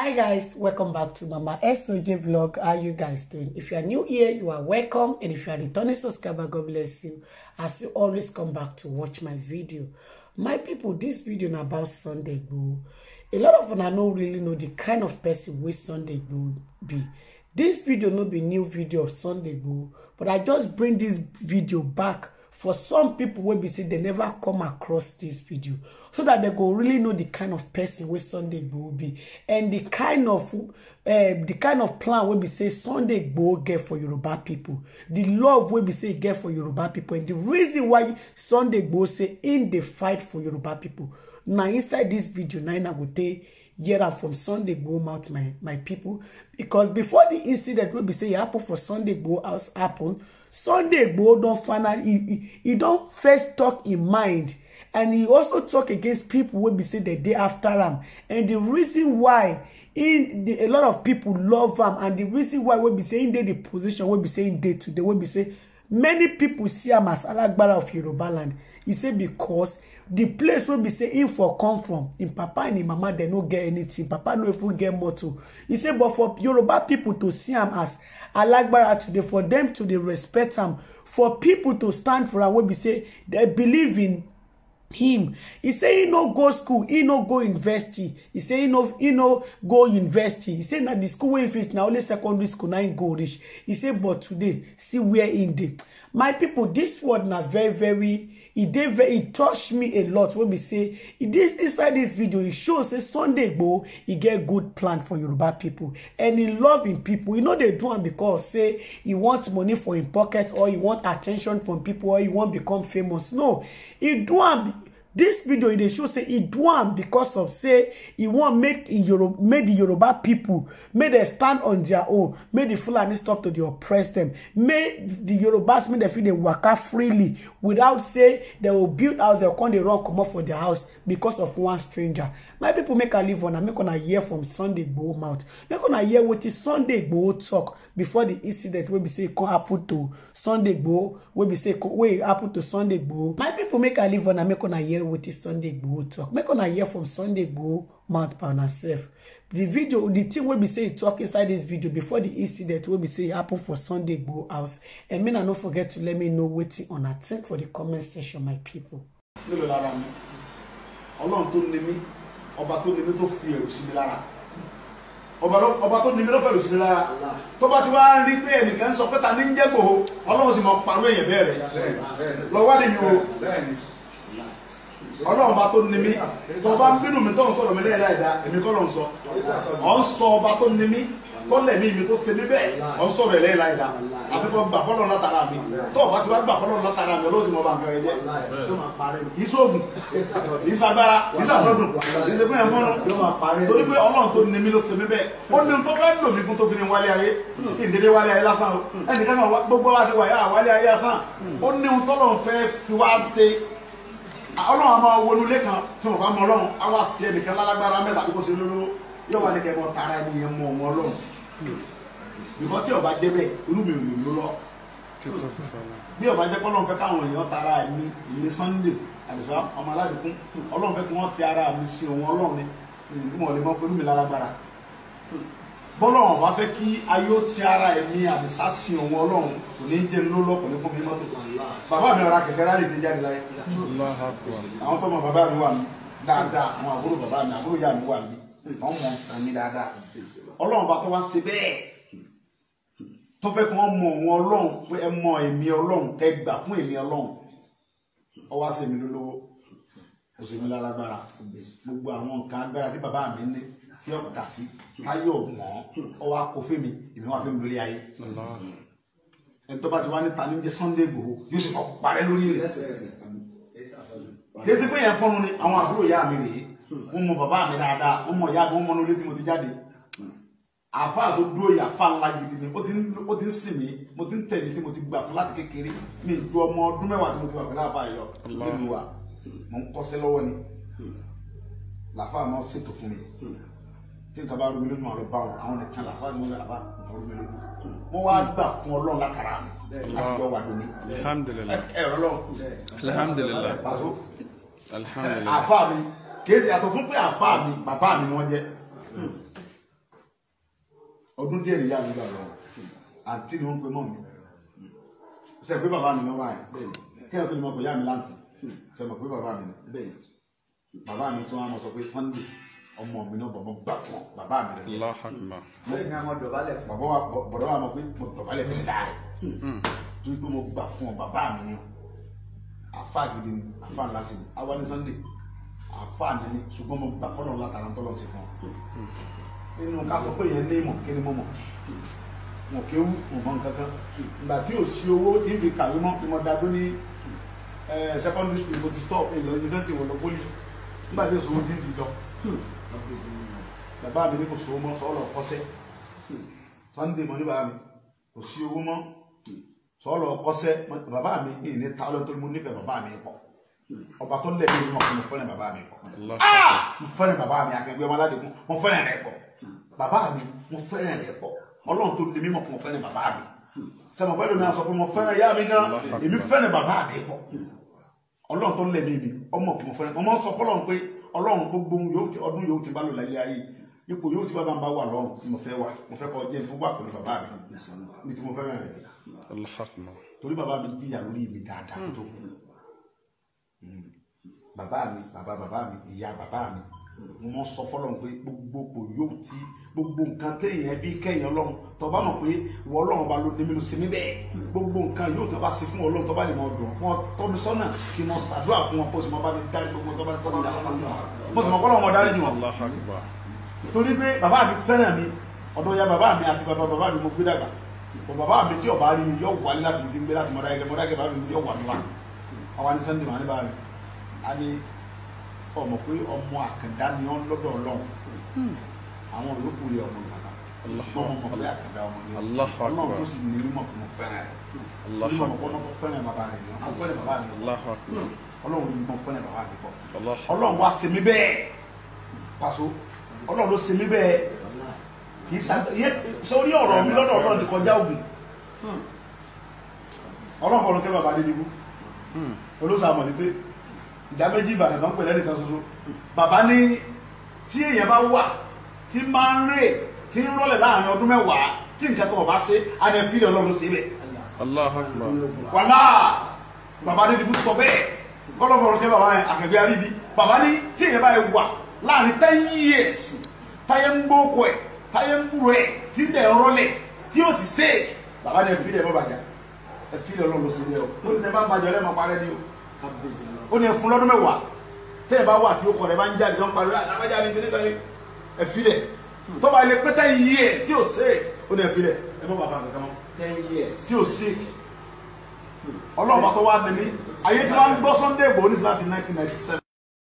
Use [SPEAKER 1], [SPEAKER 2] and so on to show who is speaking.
[SPEAKER 1] hi guys welcome back to mama soj vlog how you guys doing if you are new here you are welcome and if you are returning subscriber god bless you as you always come back to watch my video my people this video na about sunday go. a lot of them una no really know the kind of person wey sunday go be this video not be new video of sunday go, but i just bring this video back for some people, wey be say they never come across this video so that they go really know the kind of person where sunday go be and the kind of eh, the kind of plan wey be say sunday go get for yoruba people, the love wey be say get for yoruba people, and the reason why sunday go say in the fight for yoruba people. Now inside this video na im i go take hear out from sunday go out my my people because before the incident will be say e happen for sunday go out happen sunday go don finally he don't first talk in mind and he also talk against people will be say the day after am and the reason why in a lot of people love am and the reason why wey be saying im the position will be saying im dey today will be say many people see him as alagbara of yoruba land e say because. The place wey be say him for come from him papa and him mama dem no get anything. papa no even get motor e say but for yoruba people to see am as alagbara today for dem to dey respect am for people to stand for am wey be say dem believe in him he say he no go school he no go university He say he no he no go university He say na the school wey e finish na only secondary school na im go reach He say but today see where im dey my people, this word na very very e dey very e touch me a lot wey be say e inside this video e show say sunday go e get good plan for yoruba people and e love im pipo e no dey do am because say e want money for im pocket or e want attention from people or e wan become famous no e do am This video e dey show say it won because of say e wan make Europe the yoruba people made them stand on their own make di fulani stop to dey oppress dem make di yorubas make feel they work out freely without say they will build house dem come dey run comot for dia house because of one stranger my people make i leave on make una hear from sunday gboo mouth make on a year hear wetin sunday gboo talk before the incident wey be say e come con happen to sunday gboo wey be say e wey happen to sunday gboo my people make i leave on make una hear with this Sunday go talk. Make on a hear from Sunday go mouth by herself. The video, the thing will be say talk inside this video before the incident will be say happen for Sunday go house. And make not no forget to let me know Waiting on a think for the comment section, my people.
[SPEAKER 2] Mélòó lára mi? Ọlọ́run mi lára. Ọba tó ní mi lára. Tó bá ti wá ń rí pé ẹnìkan sọ ta ní ń jẹ́ Igboho, Ọlọ́run sì mọ̀ pàrọ̀ èèyàn bẹ́ẹ̀ rẹ̀. Lọ wá lè o ọlọ́run bá tó ní mí sọ bá ń bínú mi tó ń sọ̀rọ̀ mi lẹ́yìn láìda èmi kọ́ ló ń sọ ọ̀ ń sọ ọba tó ní mí tó lẹ̀mí mi tó ṣe mí bẹ́ẹ̀ ọ̀ ń sọ̀rọ̀ ẹ̀ lẹ́yìn láìda àfikọ́ gbà fọ́lọ́ látara mi tó ọba ti wá gbà fọ́lọ́ látara mi olóòsì mọ́ bá ń kẹrẹ jẹ́ ìṣòògùn ìṣàgbára ìṣàsọdùn ìṣègùn ẹ̀fọ́nù torí pé ọlọ́run tó ní mí ló ṣe mí bẹ́ẹ̀ ó ní tó fẹ́ lò mí fún tó fi ní wálé ayé kí n dédé wálé ayé lásán o ẹnìkan náà gbogbo wa ṣe wà yá wálé ayé lásán ó ní tó lọ́n fẹ́ fi wá ṣe ọlọ́run a máa wọnú ilé kan tí wọ́n bá mọ ọlọ́run á wá sí ẹnìkan lálágbára mẹ́ta kókó sí lólówó yóò wá ní kẹ́ ẹ mọ tara ẹni yẹn mọ ọmọ ọlọ́run bìkọ́ tí ọba jẹ́ bẹ́ẹ̀ irú mi ò lè lọ lọ bí ọba jẹ́ pé ọlọ́run fẹ́ káwọn èèyàn tara mi ilé Sunday àdìsá ọmọ aládùúkún ọlọ́run fẹ́ kí wọ́n ti ara mi sí òun ọlọ́run ni ìgbìmọ̀ lè mọ pẹ̀lú mi lálágbára bọ́lọ́run bá fẹ́ kí ayé ó ti ara ẹ̀ ní àbísà sí òun ọlọ́run kò ní jẹ́ lólọ́ kò ní fún mi mọ́tò bàbá mi ra kẹ̀kẹ́ rálẹ̀ ìdíjà mi láyé àwọn tọmọ bàbá mi wà mí dáadáa àwọn àbúrò bàbá mi àbúrò ìyá mi wà mí wọ́n mọ àmì dáadáa ọlọ́run bá tó wá ṣe bẹ́ẹ̀ tó fẹ́ kí wọ́n mọ òun ọlọ́run pé ẹ mọ èmi ọlọ́run kẹ́ gbà fún èmi ọlọ́run ọ wá ṣe mi lólówó kò sì mi lálágbára gbogbo àwọn nǹkan agbára tí bàbá mi ní tí ọ̀kùtà sí táyọ̀ mọ́ ọwọ́ akọ̀fẹ́ mi èmi wà fẹ́ mi lórí ayé ẹni tó bá ti wá níta ní jẹ́ Sunday Igboho yóò sì kọ́ parẹ́ lórí rẹ̀ kí ẹ sì pé yẹn fọ́nrún ni àwọn àbúrò ìyá mi rèé wọ́n mọ bàbá mi dáadáa wọ́n mọ ìyá mi wọ́n mọ ní olé tí mo ti jáde àfa tó dúró yìí àfa ńlá gidi ni ó ti ń sìn mí mo ti ń tẹ̀lé tí mo ti gbà fún láti kékeré mi ju ọmọ ọdún mẹ́wàá tí mo ti wà pẹ̀lú àbá yọ nínú wa mo ń kọ́ṣẹ́ lọ́wọ́ ni làfa máa ń ṣètò fún mi tí nǹkan bá rú mi lónìí máa lọ bá wọn àwọn nìkan làbá ni wọn làbá nǹkan rú mi lónìí wọn wá gbà fún Ọlọ́run látara mi àṣìjọ wà lónìí. alhamdulilayi alhamdulilayi alhamdulilayi àfa mi kìí ṣe àtọ̀ fún pé àfa mi bàbá mi wọ́n jẹ́ ọdún díẹ̀ nìyá mi gbà lọ àǹtí ni wọ́n pe mọ́ mi ṣe pé bàbá mi lọ́wọ́ àyè kí ẹ̀ tó lè mọ̀ pé yá mi láǹtì hmm. ṣe mọ̀ pé bàbá mi ni bàbá mi tó wá mọ̀ sọ pé Sunday ọmọ mi náà bọ̀bọ̀ gbà fún bàbá mi rẹ̀ lẹ́yìn náà mo dọ̀bálẹ̀ fún bàbá wa bọ̀dọ̀ wa mo pé mo dọ̀bálẹ̀ fún dáa rẹ̀ hmm. tó gbé mo gbà fún bàbá mi ni àfa gidi ni àfa ńlá sí ni àwa ní Sunday àfa mi ni ṣùgbọ́n mo gbà fọ́nà látara tọ́lọ̀ sí fún ọ nínú ká sọ pé yẹn ní ìmọ̀ kí ni mo mọ̀ mo kí wú mo mọ̀ nǹkan kan ìgbà tí ò sí owó tí n fi kàwé mọ́ ni mo dadó ní eh, secondary school mo ti stop ìlọ university wọ̀lọ́ pólí nígbà tí ò sọ tí n fi jọ bàbá mi ní kò sówó mọ́ sọ́ọ́lọ̀ kọ́sẹ́ Sunday mọ́ ní bàbá mi kò sí owó mọ́ sọ́ọ́lọ̀ kọ́sẹ́ bàbá mi ní ní ta lọ́tọ́ mo nífẹ̀ẹ́ bàbá mi pọ̀ ọba tó lẹ̀ mí ko, mo fẹ́ràn bàbá mi pọ̀ ah! mo fẹ́ràn bàbá mi akẹgbẹ́ ọmọ aládìgún mo fẹ́ràn rẹ̀ pọ̀ bàbá mi mo fẹ́ràn rẹ̀ pọ̀ ọlọ́run tó lẹ̀ mí mọ̀ mo fẹ́ràn bàbá mi sọ ma pẹ́ lómi àsọ pé mo fẹ́ràn yá mi gan èmi fẹ́ràn bàbá mi pọ̀ ọlọ́run tó lẹ̀ mí ọmọ òkùnkùn fẹ́rẹ́ ọmọ sọ fọlọ́run pé ọlọ́run gbogbo ọdún yòówù ti bá lò láyé ayé ipò yòówù ti bá bá ń bá wà lọ́run mo fẹ́ wà mo fẹ́ kọ́ jẹ́ ìfowópamọ́ àpẹẹrẹ bàbá mi mi ti mo fẹ́ràn rẹ̀ torí bàbá mi jìyà lórí mi dáadáa tó hmm. bàbá mi bàbá bàbá mi ìyá bàbá mi mo mọ sọ fọlọ́n pé gbogbo kò yóò ti gbogbo nǹkan téèyàn bí kẹ́yìn ọlọ́run tó bá mọ̀ pé ìwọ ọlọ́run ọba ló démi ló sinmi bẹ́ẹ̀ gbogbo nǹkan yóò tó bá sí fún ọlọ́run tó bá lè mọ dùn wọn tọ́ mi sọ́nà kí mo ṣàdúrà fún wọn kó sì mọ bá mi dárí gbogbo tó bá tó bá tó mo sì mọ kọ́ lọ́wọ́ wọn dárí jù wọn. torí pé bàbá mi fẹ́ràn mi ọ̀dọ̀ ya bàbá mi àti bàbá bàbá mi mo gbé dàgbà bàbá mi tí ọba rí mi yọ wálé láti mi ti ń gbé láti mọ̀dáyẹ̀dẹ̀ mọ̀dáyẹ̀dẹ̀ bàbá mi yọ wà ní ọmọ pé ọmọ àkàndá ni ọ́n lọ́dọ̀ ọlọ́run hmm. àwọn olókù rẹ̀ ọmọ ìgbàlá ọmọ mọ̀ pé àkàndá ọmọ ni ọlọ́run tó sì ní mímọ̀ tó fẹ́ràn rẹ̀ mímọ̀ hmm. kọ́nà tó fẹ́ràn bàbá rẹ̀ ni wọ́n fẹ́ràn bàbá rẹ̀ hmm. ọlọ́run ni mo fẹ́ràn bàbá mi kọ́ ọlọ́run wá ṣe mí bẹ́ẹ̀ pàṣọ ọlọ́run ló ṣe mí bẹ́ẹ̀ kì í sórí ọ̀rọ̀ mi lọ́dọ̀ ọlọ́run ti kọjá ògùn ọlọ́run kọ́ ló kẹ́ bàbá dé dìbò olóṣàmọ̀ ni pé ìjà méjì ìbàdàn kan pẹ̀lẹ́ nìkan ṣoṣo bàbá ní tí èèyàn bá wà tí máa ń rè tí ń rọlẹ̀ láàrin ọdún mẹ́wàá tí nǹkan kan ò bá ṣe adé fílẹ̀ ọlọ́run síbẹ̀. wàlá bàbá ní ibú sọ bẹ́ẹ̀ kọ́lọ́fọ̀rọ̀ kẹ́ bàbá yẹn àkẹ́gbẹ́ aríbi bàbá ní tí èèyàn bá wà láàrin ten years táyé ń gbóko ẹ̀ táyé ń gbúrò ẹ̀ tí ń dẹ̀ rọlẹ̀ tí ó sì ṣe bàbá ní ẹ fílẹ̀ ọlọ́run síbẹ̀ o lórí ó ní ẹfun lọ́dún mẹ́wàá tẹ́ ẹ bá wà tí ó kọ̀ rẹ̀ bá ń jáde wọ́n parí alábàjá ah, ni bílẹ̀ bílẹ̀ ẹ filẹ̀ tó bá ilé pé ten years tí ò ṣe ó ní ẹ filẹ̀ ẹ mọ̀ bàbá àgbẹ̀ kan ten years tí ò ṣe
[SPEAKER 1] hmm. ọlọ́ọ̀bà tó wá dẹ̀mí ayé tí wọ́n ń gbọ́ Sunday Igboho ní sí nineteen ninety seven.